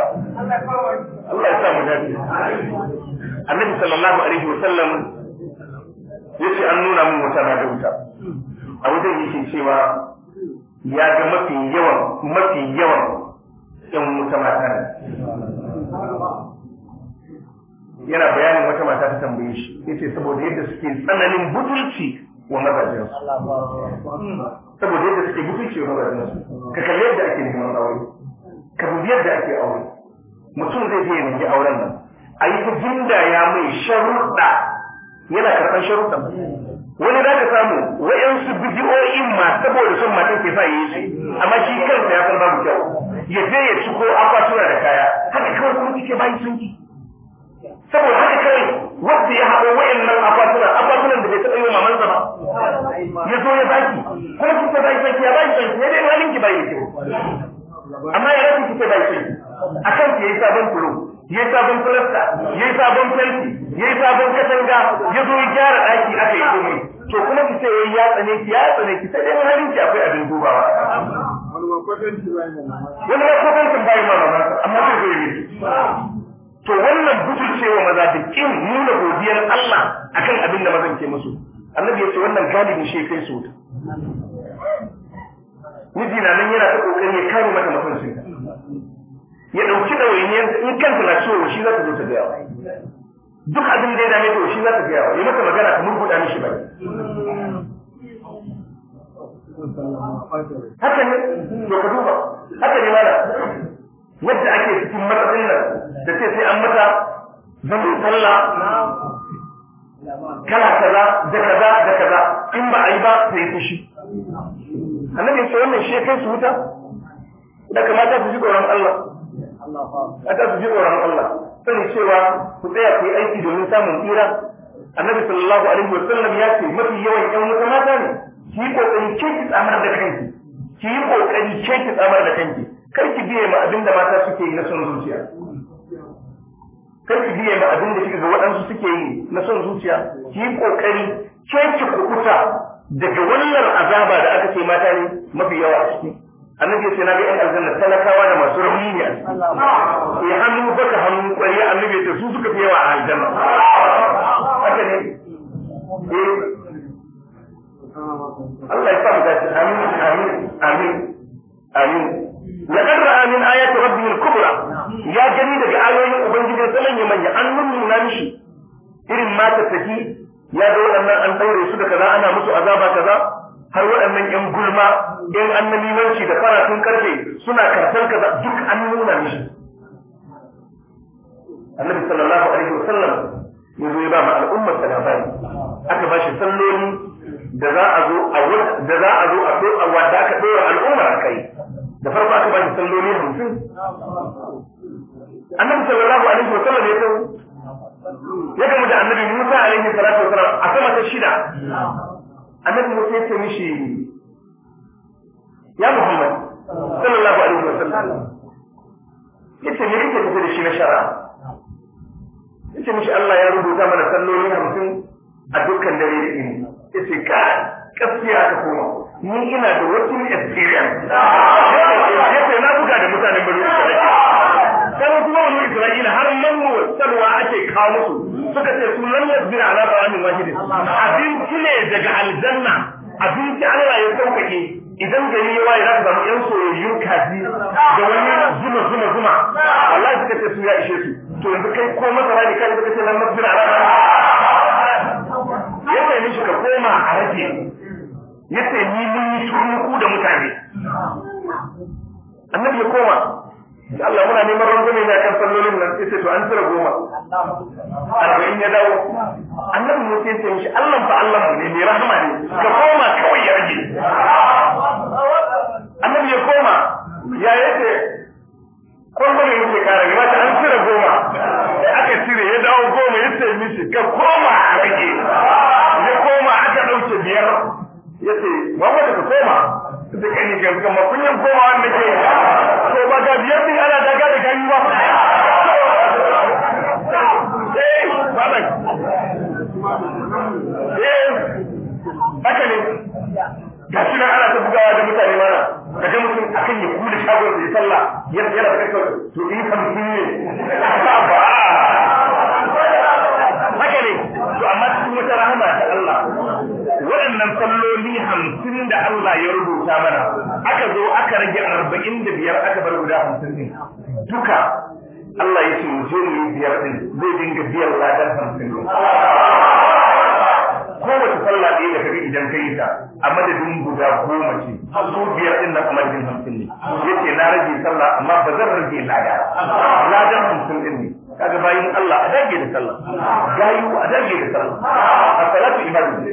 Allah ya sa mu dace annabi sallallahu alaihi wa sallam yace an nuna mu wata na da wuta a wajen yake cewa ya ga mafi yawan mafi yawan yan wuta mata ne yana bayanin wata mata ta tambaye shi yace saboda yadda suke tsananin butulci wa mazajen saboda yadda suke butulci wa mazajen ka kalli yadda ake neman aure ka dubi yadda ake aure mutum zai je ya nemi auren nan a yi ta ya mai sharuɗa yana karɓar sharuɗa wani za ka samu wa'yansu bidiyoyin ma saboda son matan ke sa yi shi amma shi kansa ya san babu kyau ya je ya ci ko akwatuna da kaya haka kawai kuma kike bayi sun saboda haka kawai wanda ya haɗo wa'yannan akwatuna akwatunan da bai taɓa yi wa mamansa ba ya zo ya baki kuma kike ta sun ki ya bayi sun ki ya dai halin ki bayi kyau amma ya rasu kike bayi sun ki akan ke yi sabon kuro ya sabon filasta ya sabon fenti ya sabon katanga ya zo gyara ɗaki aka yi komai to kuma ki ce ya tsane ki ya tsane ki sai dai halin ki akwai abin dubawa wani ma kwatancin bayan mama amma zai zai yi to wannan cewa maza da kin nuna godiyar Allah akan abin da mazan ke musu annabi ce wannan galibin shi kai su miji na nan yana ta kokarin ya kare mata mutuncin ya dauki ɗawainiyar in kansa na ciwo shi za ta zo ta gaya wa duk abin da ya dame ta shi za ta gaya wa ya maka magana ka murkuɗa mishi bai haka ne to ka duba haka ne mana wadda ake cikin matsayin nan da ce sai an mata zaman sallah kala kaza da kaza da kaza in ba a yi ba sai fushi annabi ya ce wannan shi ya kai su wuta da kamata su ji tsoron Allah a su ji tsoron Allah sani cewa ku tsaya ku yi aiki domin samun tsira annabi sallallahu alaihi wa sallam ya ce mafi yawan ƴan wuta mata ne ki yi kokari ke ki tsamar da kanki ki yi kokari ke ki tsamar da kanki kar ki biye ma abin da mata suke yi na son zuciya kar ki biye ma abin da kika waɗansu suke yi na son zuciya ki yi kokari ke ki kukuta daga wannan azaba da aka ce mata ne mafi yawa a ciki annabi ya ce na ga yan aljanna talakawa da masu rauni ne Eh hannu baka hannu kwari annabi ya ce su suka fi yawa a aljanna haka ne Eh. Allah ya sa mu dace amin amin amin amin laqad ra'a min ayati rabbih al-kubra ya gani daga ayoyin ubangiji sallan ya manya an nuna shi. irin mata take ya ga wannan an daure su da kaza ana musu azaba kaza har waɗannan yan gulma yan annabiwanci da faratun karfe suna karfan kaza duk an nuna mishi annabi sallallahu alaihi wasallam ya zo ya ba ma al'ummar ta labari aka ba shi salloli da za a zo a da za a zo a so a wata aka dora al'ummar akai da farko aka ba shi salloli 50 annabi sallallahu alaihi wa sallam ya kawo ya gamu da annabi Musa alaihi salatu sallam a sama ta shida annabi Musa ya ce mishi ya Muhammad sallallahu alaihi wasallam ya ce me kake tafi da shi na shara ya ce mishi Allah ya rubuta mana salloli hamsin a dukkan dare da ini ce ka gaskiya ka koma ni ina da wasu experience ya ce na buga da mutanen bari Isra'ila sai kuma wani Isra'ila har man salwa ake kawo musu suka ce su lam yasbira ala ta'amin wahidin abinci ne daga aljanna abinci Allah ya sauƙaƙe idan gari ya waye za ka samu yan soyayyun kaji da wani zuma zuma zuma Allah suka ce su ya ishe su to yanzu kai ko masara ne kai suka ce lam yasbira ala ta'amin ya kai ka koma a rage ya ce ni mun yi shuru da mutane annabi ya koma Allah muna neman rangwame ne kan sallolin nan sai to an tsira goma arba'in ya dawo annabi mu sai sai shi Allah fa Allah ne mai rahama ne ka koma kawai ya rage annabi ya koma ya yace rangwame yake kara ya ta an tsira goma aka tsire ya dawo goma ya ce mishi ka koma a rage ya koma aka dauke biyar ya ce Muhammad ka koma da kai ne ga kuma kunyan koma wanda ke to ba ga biyar din ana daga da kai ba eh babai eh haka ne ga shi ana ta bugawa da mutane mana da ga mutum akan ya kula shagon da ya sallah yana da kai to in kan ne ba haka ne to amma cikin wata rahama ta Allah waɗannan salloli hamsin da Allah ya rubuta mana aka zo aka rage arba'in da biyar aka bar guda hamsin ɗin duka Allah ya ce mu je mu yi biyar ɗin zai dinga biyar ladar hamsin ɗin kowace sallah ɗaya da kabi idan ka yi ta a madadin guda goma ce su biyar ɗin na kuma jin hamsin ne ya ce na rage sallah amma ba zan rage lada ladar hamsin ɗin ne kaga bayin Allah a dage da sallah gayu a dage da sallah a salatu ibadu ne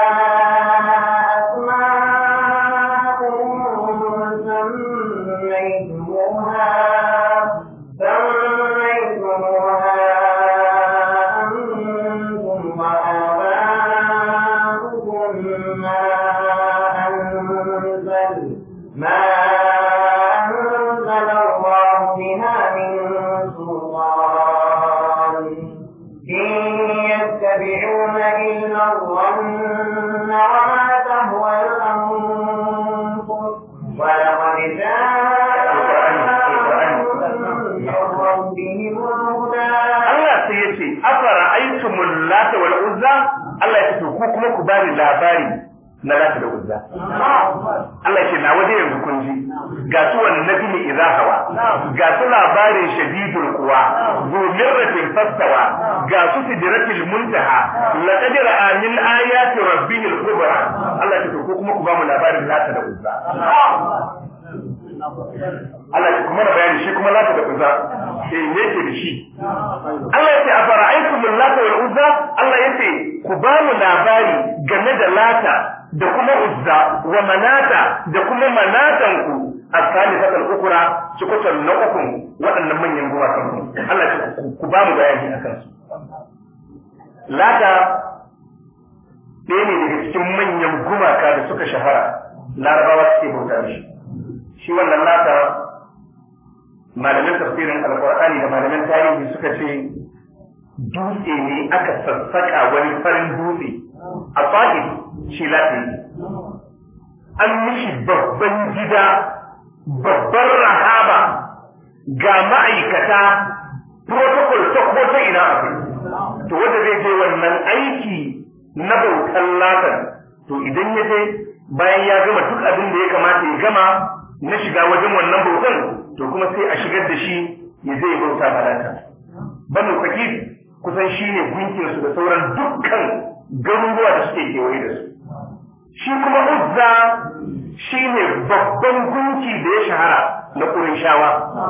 fastawa ga su sidratil muntaha laqad a min ayati rabbih al-kubra Allah ya ko kuma ku ba mu labarin lata da uzza Allah ya kuma bayani shi kuma lata da uzza eh me ke da shi Allah ya ce a min lata wal uzza Allah ya ce ku ba mu labari game da lata da kuma uzza wa manata da kuma manatan ku. الثالثة الأخرى سكوتا نوكم وأن من ينبوى كم الله كبام بيانه أكنس لا تا ɗaya ne daga cikin manyan gumaka da suka shahara larabawa suke bauta shi shi wannan lata malamin tafsirin alkur'ani da malamin tarihi suka ce dutse ne aka sassaka wani farin dutse a fahim shi an mishi babban gida babbar rahaba ga ma'aikata protocol ta kota ina a to wanda zai je wannan aiki na bautan latar to idan ya je bayan ya gama duk abin da ya kamata ya gama na shiga wajen wannan bautan to kuma sai a shigar da shi ya zai bauta falata banu fakir kusan shi ne gunkinsu da sauran dukkan garuruwa da suke kewaye da su shi kuma uzza shi ne babban gunki da ya shahara na ƙurishawa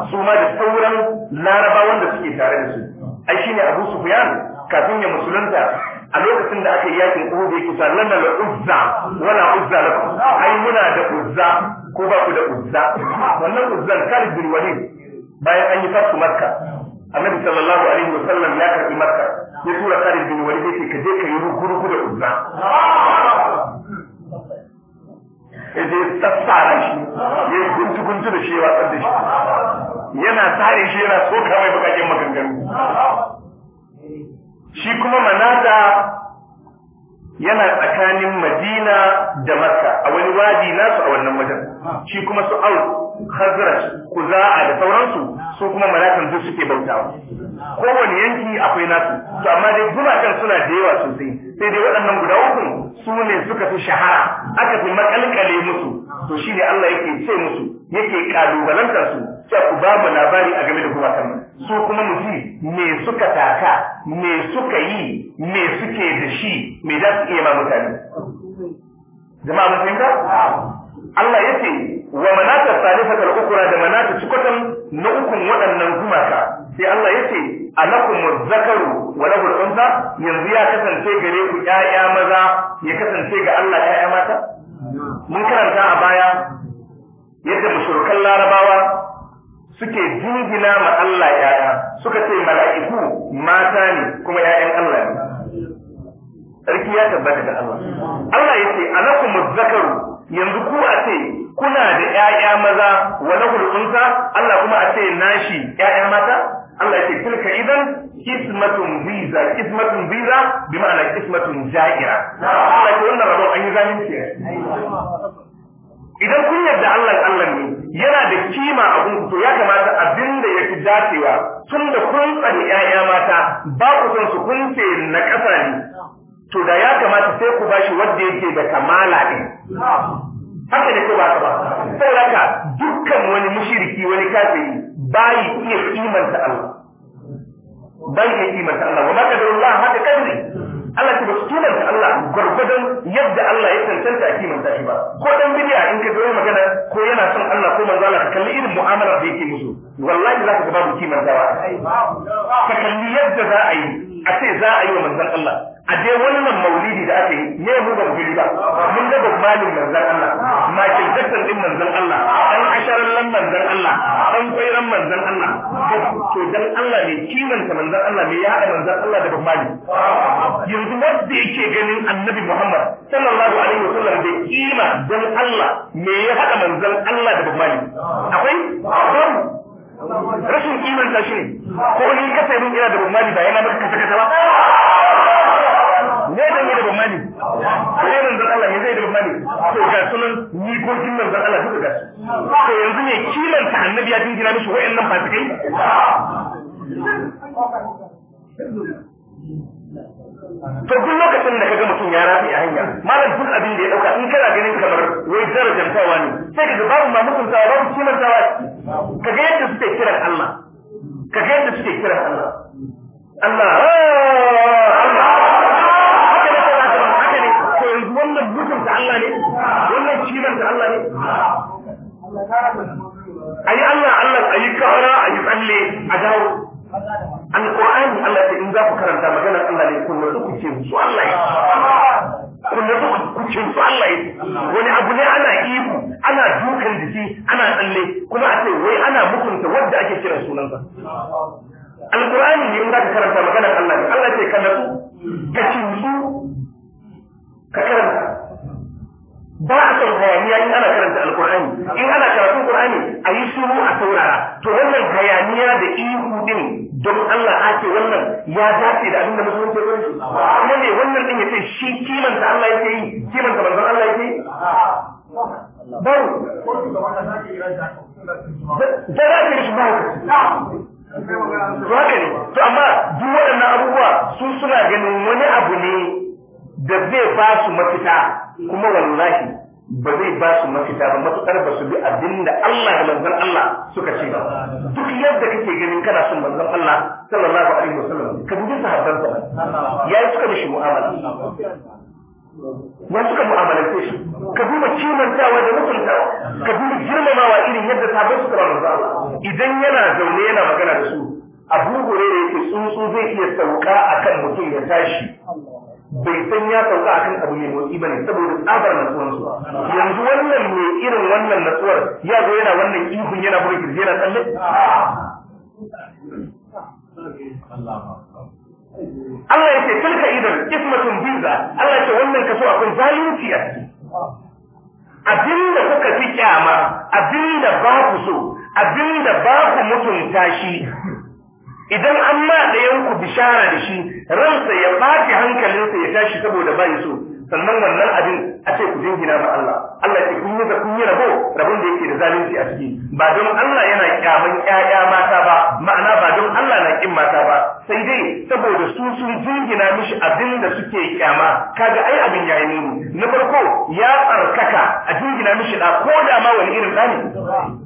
su ma da sauran larabawan da suke tare da su ai shi ne abu sufyan kafin ya musulunta a lokacin da aka yi yakin uhud yake kusa, lana la uzza wala uzza ku, ai muna da uzza ko ba ku da uzza wannan uzzan Khalid bin Walid bayan an yi fatu Makka Annabi sallallahu alaihi wasallam ya karbi Makka ya tura Khalid bin Walid yake ka je ka yi ruku da uzza ya je tsatsara shi ya guntu guntu da shi ya watsar da shi yana tsare shi yana so kamar bukakin maganganu shi kuma manata yana tsakanin madina da maka a wani wadi nasu a wannan wajen shi kuma su au khazraj kuza'a da sauransu su kuma malatan duk suke bautawa kowane yanki akwai nasu to amma dai zuma kan suna da yawa sosai sai dai waɗannan guda uku su ne suka fi shahara aka fi makalkale musu to shi ne Allah yake ce musu yake kalubalantar su cewa ku ba mu labari a game da gumakan su kuma mu ji me suka taka me suka yi me suke da shi me za su iya ma mutane jama'a mun fahimta Allah yace wa manata salifata al-ukra da manata cikotan na ukun waɗannan gumaka sai Allah yace alakumuz zakaru wa lahul unsa yanzu ya kasance gare ku ƴaƴa maza ya kasance ga Allah ƴaƴa mata mun karanta a baya yadda mushrikan larabawa suke jingina ma Allah ƴaƴa suka ce mala'iku mata ne kuma ƴaƴan Allah ne sarki ya tabbata da Allah Allah ya ce alakumuz zakaru yanzu ku a ce kuna da ƴaƴa maza wa lahul unsa Allah kuma a ce nashi ƴaƴa mata Allah ya ce tilka idan kismatun visa kismatun visa bi ma'ana kismatun ja'ira Allah ce wannan rabon an yi zalunci idan kun yarda Allah Allah ne yana da kima a gunku to ya kamata abin da ya fi dacewa tun da kun tsani ƴaƴa mata ba ku san su kun ce na ƙasa ne to da ya kamata sai ku bashi wadda yake da kamala ne. haka ne ko ba ka ba saboda dukkan wani mushiriki wani kafiri bai iya kimanta Allah bai iya kimanta Allah wa maka da Allah haka kanne Allah ta basu kimanta Allah gwargwadon yadda Allah ya tantance a kimanta shi ba ko dan bidiya in ka zo magana ko yana son Allah ko manzo Allah ka kalli irin mu'amalar da yake musu wallahi za ka ga babu ba. ka kalli yadda za a yi a ce za a yi wa manzon Allah a dai wannan maulidi da aka ne mu ba guri ba mun ga babbalin manzon Allah Michael Jackson din manzon Allah dan asharallan manzon Allah dan kwairan manzon Allah to dan Allah ne kimanta manzon Allah ne ya haɗa manzon Allah da babbali yanzu wanda yake ganin annabi Muhammad sallallahu alaihi wasallam da kima dan Allah me ya haɗa manzon Allah da babbali akwai rashin kimanta shi ko ni kasa sai mun ina da babbali ba yana maka kasa kasa ba me zan yi da ban mali Allah zai da ga ni ko kin Allah duka to yanzu ne kilan ya dingina mishi wayannan mutum ya rafi a hanya malam duk abin da ya dauka in kana ganin kamar wai darajantawa ne sai ka babu ma tawa babu ka kaga yadda suke kiran Allah kaga yadda suke kiran Allah Allah ah! Allah ne ayi Allah Allah ayi kara ayi tsalle a dawo alqur'ani Allah ya in za ku karanta magana Allah ne kun da ku ce su Allah ya kun da ku ce su Allah ne wani abu ne ana ihu ana dukan jiki ana tsalle kuma a ce wai ana mutunta wanda ake kiran sunansa alqur'ani ne in za ka karanta magana Allah ne Allah ce ka natsu ka cinsu ka karanta ba a san hayaniya in ana karanta alkur'ani in ana karatun qur'ani a yi shiru a saurara to wannan hayaniya da ihu din don Allah ake wannan ya dace da abin da musulunci ya gurin amma ne wannan din yace shi kimanta Allah yake yi kimanta manzon Allah yake yi bau da za ka shi ba to haka ne to amma duk waɗannan abubuwa su suna ganin wani abu ne da zai ba su mafita kuma wallahi ba zai ba su mafita ba matuƙar ba su bi abin da Allah da manzon Allah suka ce ba duk yadda kake ganin kana son manzon Allah sallallahu alaihi wasallam ka dubi sahabban sa yi suka mishi mu'amala ya suka ce shi ka duba kimantawa da mutuntawa ka duba girmamawa irin yadda sahabban suka ba manzon Allah idan yana zaune yana magana da su Abu ne yake tsuntsu zai iya sauka akan mutum ya tashi bai san ya sauka akan abu mai motsi bane saboda tsabar natsuwar su yanzu wannan mai irin wannan natsuwar ya zo yana wannan ihun yana kuma kirji yana tsalle Allah ya ce tilka idan ismatun biza Allah ya ce wannan kaso akwai zalunci a ciki abinda kuka fi kyama abinda ba ku so abinda ba ku mutunta shi idan an ma da yanku bishara da shi ransa ya baki hankalinsa ya tashi saboda bai so sannan wannan abin a ce ku jingina ma Allah Allah ya kun da kun rabo rabon da yake da zalunci a ciki ba don Allah yana kyaman ƴaƴa mata ba ma'ana ba don Allah na kin mata ba sai dai saboda su sun jingina mishi abin da suke kyama kaga ai abin yayi ne na farko ya tsarkaka a jingina mishi da ko da ma wani irin ɗani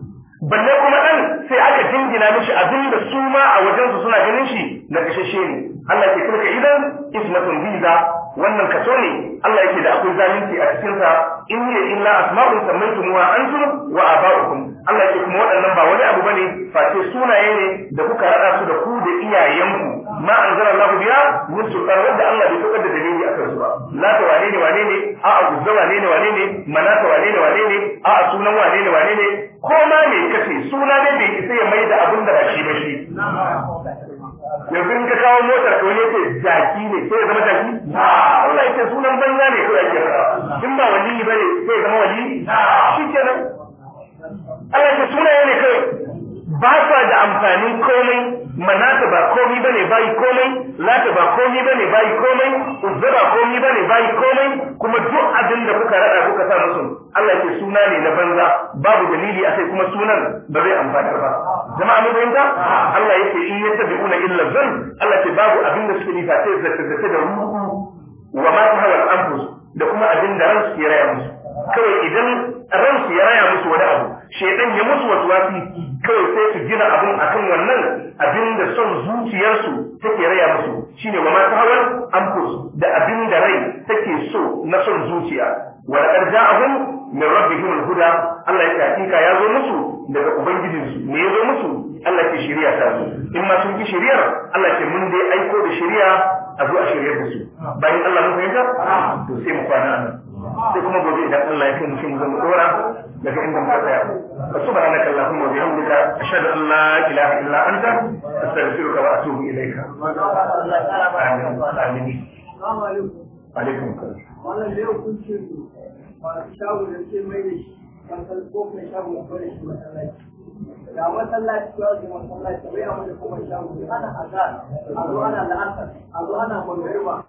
balle kuma dan sai aka jingina mishi abin da su ma a wajen su suna ganin shi na kashashe ne Allah ke kuma idan ismatun biza wannan kaso ne Allah yake da akwai zalunci a cikin sa in hiya illa asma'un sammaytumuha antum wa aba'ukum Allah yake kuma waɗannan ba wani abu bane face sunaye ne da kuka rada su da ku da iyayenku ma anzala Allah biya musu a guzza wane ne wane ne manasa wane ne wane ne a sunan wane ne wane ne ko ma me kace suna ne bai isa ya mai da abin da ba shi ba shi ya in ka kawo motar ko ce jaki ne sai ya zama jaki Allah yake sunan banza ne ko ke in ba wali bane sai ya zama wali shikenan Allah yake sunan ne kai ba sa da amfanin komai manata ba komai bane bai komai lata ba komai bane bai komai uzza ba komai bane bai komai kuma duk abin da kuka rada kuka sa musu Allah ke suna ne na banza babu dalili a kai kuma sunan ba zai amfana ba jama'a mun ganta Allah yake in ya bi kuna illa zan Allah ke babu abin da suke nifa sai zata da ruhu wa ma al anfus da kuma abin da su ke raya kawai idan ransu ya raya musu wani abu shedan ya musu wasu wasi, kawai sai su gina abin akan wannan abin da son zuciyarsu take raya musu shine wa masu hawan amfus da abin da rai take so na son zuciya wa laqad ja'ahum min rabbihim al-huda Allah ya hakika ya zo musu daga ubangijinsu ne ya zo musu Allah ke shirya ta zo in ma sun ki shiriyar Allah ke mun dai aiko da shiriya a zo a shiryar da su bayan Allah mun fahimta to sai mu kwana nan sai kuma gobe idan Allah ya kai mu mu dora daga inda muka tsaya subhanaka allahumma bihamdika ashhadu an la ilaha illa anta astaghfiruka wa atubu ilayka amin alaikum salam wannan da yau kun ce ba shago da ke mai da shi kan ko kai shago da masallaci masallaci kuma shago ana azan a zo ana la'asar a zo ana